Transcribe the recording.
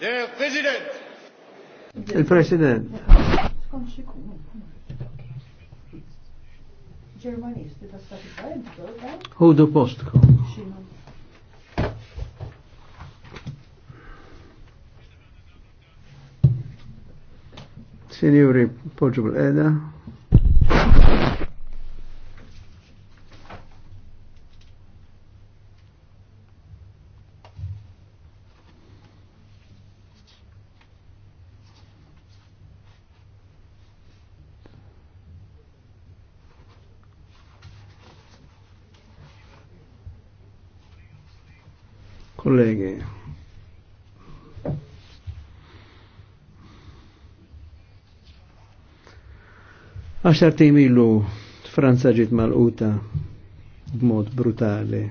Il-President. Hudu postkom. Signori, poġu bil-eda. Kollegi. Għaxar timilu Franza ġit mal-uta b'mod brutali.